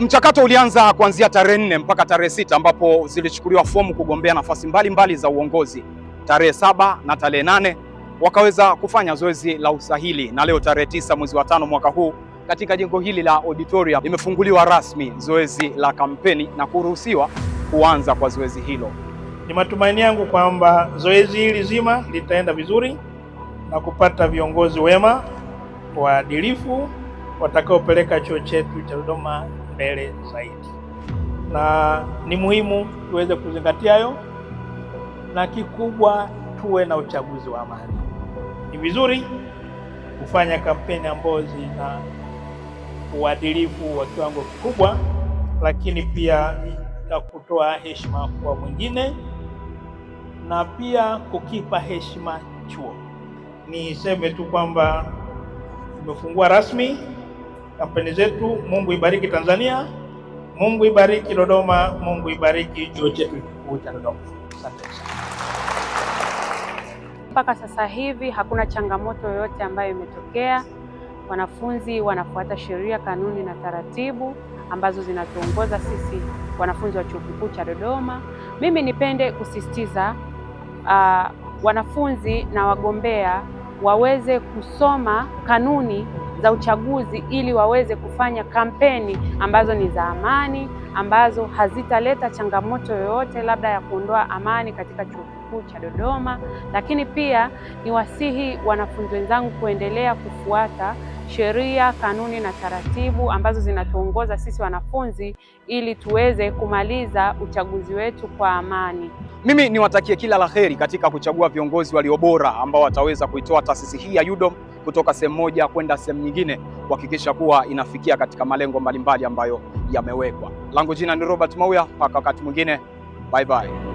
Mchakato ulianza kuanzia tarehe nne mpaka tarehe sita ambapo zilichukuliwa fomu kugombea nafasi mbalimbali za uongozi. Tarehe saba na tarehe nane wakaweza kufanya zoezi la usahili, na leo tarehe tisa mwezi wa tano mwaka huu katika jengo hili la auditorium limefunguliwa rasmi zoezi la kampeni na kuruhusiwa kuanza kwa zoezi hilo. Ni matumaini yangu kwamba zoezi hili zima litaenda vizuri na kupata viongozi wema waadilifu watakaopeleka chuo chetu cha Dodoma mbele zaidi, na ni muhimu tuweze kuzingatia hayo, na kikubwa tuwe na uchaguzi wa amani. Ni vizuri kufanya kampeni ambazo zina uadilifu wa kiwango kikubwa, lakini pia na kutoa heshima kwa mwingine na pia kukipa heshima chuo. Niseme tu kwamba tumefungua rasmi kampeni zetu. Mungu ibariki Tanzania, Mungu ibariki Dodoma, Mungu ibariki chuo chetu kikuu cha Dodoma. Asante sana. Mpaka sasa hivi hakuna changamoto yoyote ambayo imetokea. Wanafunzi wanafuata sheria, kanuni na taratibu ambazo zinatuongoza sisi wanafunzi wa chuo kikuu cha Dodoma. Mimi nipende kusisitiza uh, wanafunzi na wagombea waweze kusoma kanuni za uchaguzi ili waweze kufanya kampeni ambazo ni za amani, ambazo hazitaleta changamoto yoyote labda ya kuondoa amani katika chuo kikuu cha Dodoma. Lakini pia niwasihi wanafunzi wenzangu kuendelea kufuata sheria, kanuni na taratibu ambazo zinatuongoza sisi wanafunzi ili tuweze kumaliza uchaguzi wetu kwa amani. Mimi niwatakie kila la heri katika kuchagua viongozi walio bora ambao wataweza kuitoa taasisi hii ya UDOM kutoka sehemu moja kwenda sehemu nyingine kuhakikisha kuwa inafikia katika malengo mbalimbali ambayo yamewekwa. Langu jina ni Robert Mauya, mpaka wakati mwingine, bye bye.